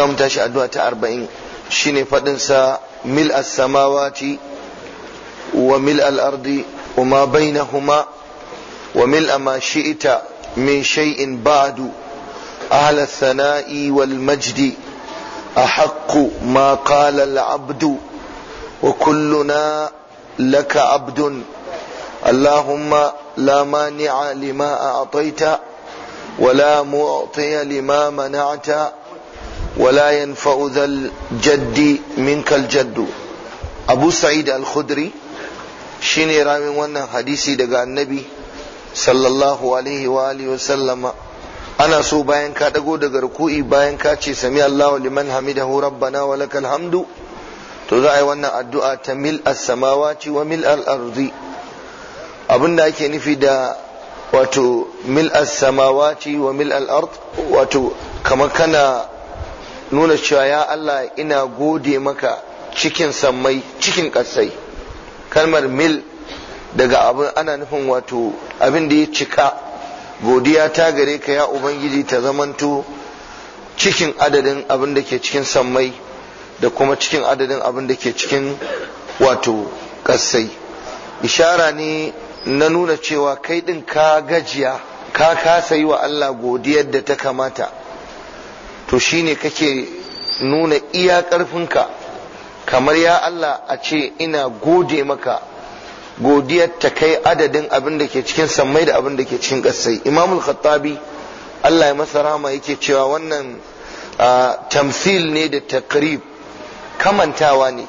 za mu tashi addu'a ta arba'in shine faɗinsa mil samawati wa mil al'ardi wa ma bainahuma wa mil ma shi'ita min shay'in ba'du أهل الثناء والمجد أحق ما قال العبد وكلنا لك عبد اللهم لا مانع لما أعطيت ولا معطي لما منعت Walayan fa'udal jaddi minkar Jadu. Abu Sa'id Al-Khudri shi ne ramin wannan hadisi daga annabi, sallallahu alaihi wa'ai wa'ai wa salama. Ana so bayan ka kaɗago daga ruku'i bayan ka ce sami Allahu liman lhammi da horabba na hamdu. To za a yi wannan addu'a ta mil a sama wa mil al'adu. Abin da ake nufi da wato mil a sama wa mil al'adu wato kama ka nuna cewa ya Allah ina gode maka cikin samai cikin kasai, kalmar mil daga abin ana nufin wato abin da ya cika godiya ta gare ka ya ubangiji ta zamanto cikin adadin abin da ke cikin sammai da kuma cikin adadin abin da ke cikin wato kasai. ishara ne na nuna cewa kai ɗin ka gajiya ka kasa yi wa Allah godiyar da ta kamata to shine kake nuna iya ƙarfinka kamar ya Allah a ce ina gode maka godiyar ta kai adadin abin da ke cikin sammai da abin da ke cikin ƙasai imamul khattabi Allah ya masa rama yake cewa wannan tamsil ne da takrib kamantawa ne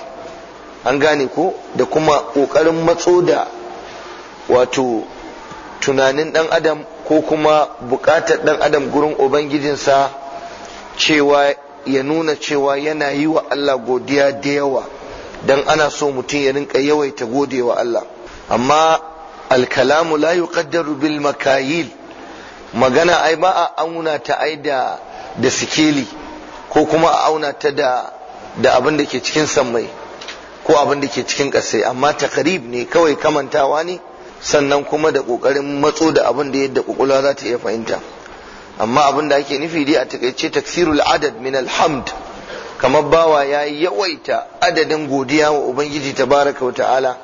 an gane ko da kuma ƙoƙarin matso da wato tunanin ɗan adam ko kuma buƙatar ɗan adam gurin ubangijinsa cewa ya nuna cewa yana yi wa Allah godiya da yawa don ana so mutum ya rinka yawaita gode wa Allah amma alkalamu la yuqaddaru bil makayil magana ai ba a auna ta ai da sikeli ko kuma a auna ta da abin da ke cikin sammai ko abin da ke cikin ƙasai amma takarib ne kawai kamantawa ne sannan kuma da ƙoƙarin matso da abin da yadda ƙwaƙwalwa za ta iya fahimta amma abin da ake nufi dai a takaice taksirul adad min alhamd kamar bawa ya yawaita adadin godiya wa ubangiji tabaraka wa ta'ala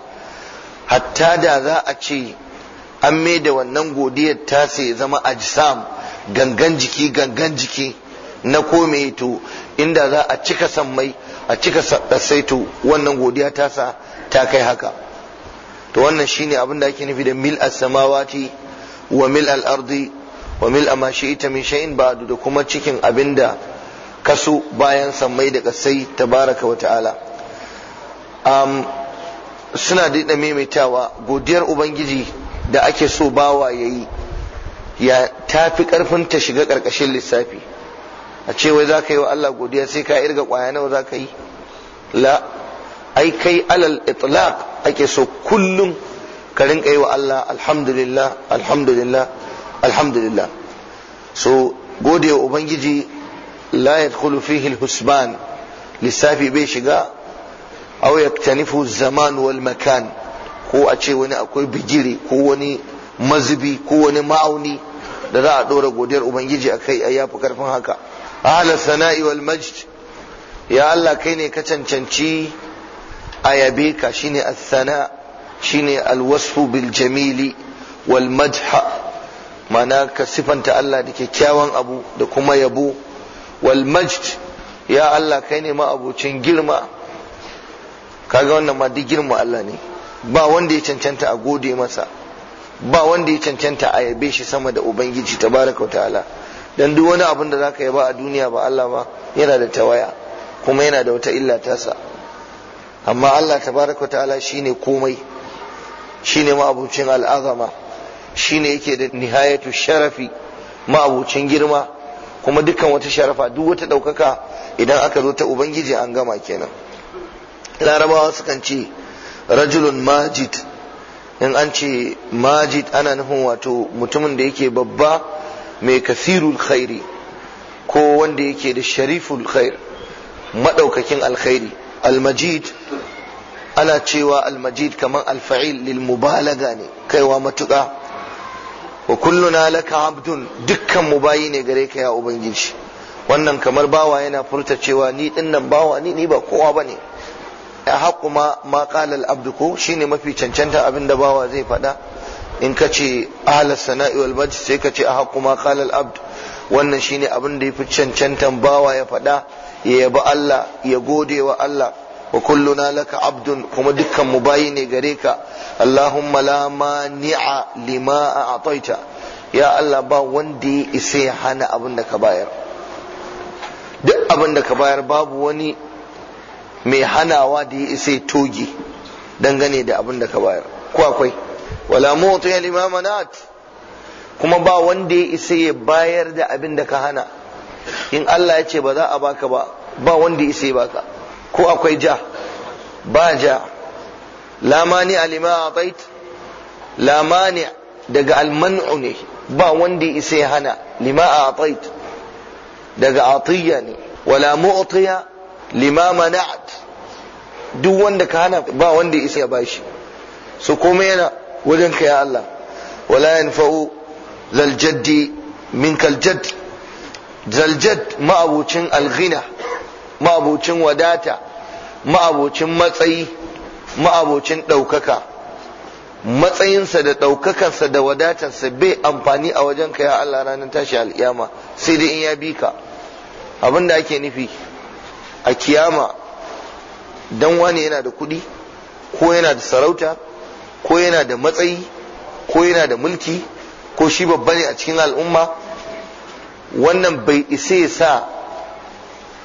hatta da za a ce an da wannan godiyar ta sai zama ajsam gangan jiki gangan jiki na kome to inda za a cika mai a cika saito wannan godiya ta sa ta kai haka to wannan shine abin da ake nufi da mil as-samawati wa mil al-ardi wa mil amma ita min shay'in ba'du da kuma cikin abinda kasu bayan sammai da kasai tabaraka wa ta'ala um, suna da maimaitawa godiyar ubangiji da ake so bawa ya yi ya tafi karfin ta shiga karkashin lissafi a ce wai za ka yi wa Allah godiya sai ka irga kwaya nawa za ka yi la ai kai alal itlaq ake so kullum ka rinka yi wa Allah alhamdulillah alhamdulillah alhamdulillah so gode wa ubangiji la yadkhulu fihi alhusban lissafi bai shiga aw yaktanifu zaman wal makan ko a ce wani akwai bijiri ko wani mazubi ko wani ma'auni da za a dora godiyar ubangiji akai a yafi karfin haka ala sana'i wal majd ya Allah kai ne ka cancanci a yabe ka shine as-sana shine al-wasfu bil jamili wal ma'ana ka sifanta Allah da kyakkyawan abu da kuma yabo wal majd ya Allah kai ne ma'abucin girma kaga wannan ma duk girma Allah ne ba wanda ya cancanta a gode masa ba wanda ya cancanta a yabe shi sama da ubangiji tabaraka wa ta'ala dan duk wani abin da zaka yaba a duniya ba Allah ba yana da tawaya kuma yana da wata illa tasa amma Allah tabaraka wa ta'ala shine komai shine ma'abucin al'azama shi ne yake da nihayatu sharafi ma'abucin girma kuma dukkan wata sharafa duk wata ɗaukaka idan aka zo ta ubangiji an gama kenan larabawa sukan ce rajulun majid in an ce majid ana nufin wato mutumin da yake babba mai kasirul khairi ko wanda yake da shariful khair madaukakin alkhairi almajid ana cewa almajid kamar alfa'il lil mubalaga ne kaiwa matuƙa wa na laka abdun dukkan mu bayi ne gare ka ya ubangiji wannan kamar bawa yana furta cewa ni dinnan bawa ni ni ba kowa bane ya haƙu ma ma qalal abdu ko shine mafi cancanta abin da bawa zai faɗa in ka ce ahlas sana'i wal majd sai ka ce a haƙu ma qalal abd wannan shine abin da yafi cancantan bawa ya faɗa ya yabi Allah ya gode wa Allah wa kulluna laka abdun kuma dukkan mu bayi ne gare ka Allahumma la mani'a lima a'taita ya Allah ba wanda ya isa ya hana abin da ka bayar duk abin da ka bayar babu wani mai hanawa da ya isa ya toge dangane da abin da ka bayar ko akwai wala mutu ya limamanat kuma ba wanda ya isa ya bayar da abin da ka hana in Allah ya ce ba za a baka ba ba wanda ya isa ya baka ko akwai ja ba ja lamani alima a bait lamani daga almanu ne ba wanda isa ya hana lima a bait daga atiyya ne wala mu'tiya lima mana'at duk wanda ka hana ba wanda isa ya bashi su kuma yana wajen ka ya Allah wala yanfa'u zal jaddi minkal jadd zaljad ma'abucin alghina ma'abucin wadata ma'abocin matsayi ma'abocin ɗaukaka matsayinsa da ɗaukakarsa da wadatarsa bai amfani a wajen ka ya Allah ranar tashi al'iyama sai dai in ya bi ka abin da ake nufi a kiyama dan wani yana da kuɗi ko yana da sarauta ko yana da matsayi ko yana da mulki ko shi babba ne a cikin al'umma wannan bai isa ya sa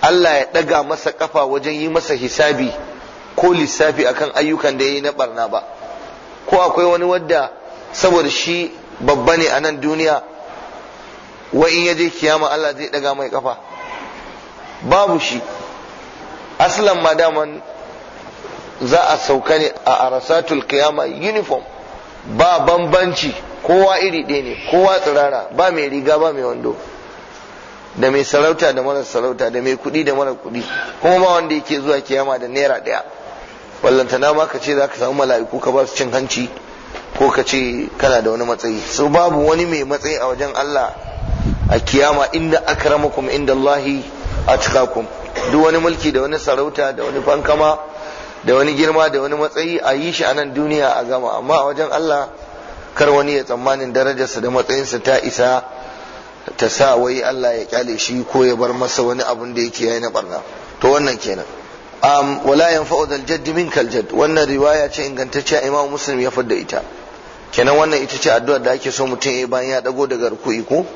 Allah ya ɗaga masa ƙafa wajen yi masa hisabi ko lissafi akan ayyukan da ya yi na barna ba ko akwai wani wadda saboda shi babba ne a nan duniya wa in ya je kiyama Allah zai ɗaga mai ƙafa babu shi aslan ma daman za a sauka ne a arasatul kiyama uniform ba bambanci kowa iri ɗaya ne kowa tsirara ba mai riga ba mai wando da mai sarauta da mara sarauta da mai kudi da mara kudi kuma ma wanda yake zuwa kiyama da naira ɗaya na ma ka ce za ka samu mala'iku ka ba cin hanci ko ka ce kana da wani matsayi so babu wani mai matsayi a wajen Allah a kiyama inda akramakum inda Allahi atqakum duk wani mulki da wani sarauta da wani fankama da wani girma da wani matsayi a yi shi a nan duniya a gama amma a wajen Allah kar wani ya tsammanin darajarsa da matsayinsa ta isa ta sa wai Allah ya kyale shi ko ya bar masa wani abun da yake yayi na barna to wannan kenan am wala yanfa'u dal jadd minkal jadd wannan riwaya ce ingantacciya Imam Muslim ya fadda ita kenan wannan ita ce addu'ar da ake so mutum ya bayan ya dago daga ruku'i ko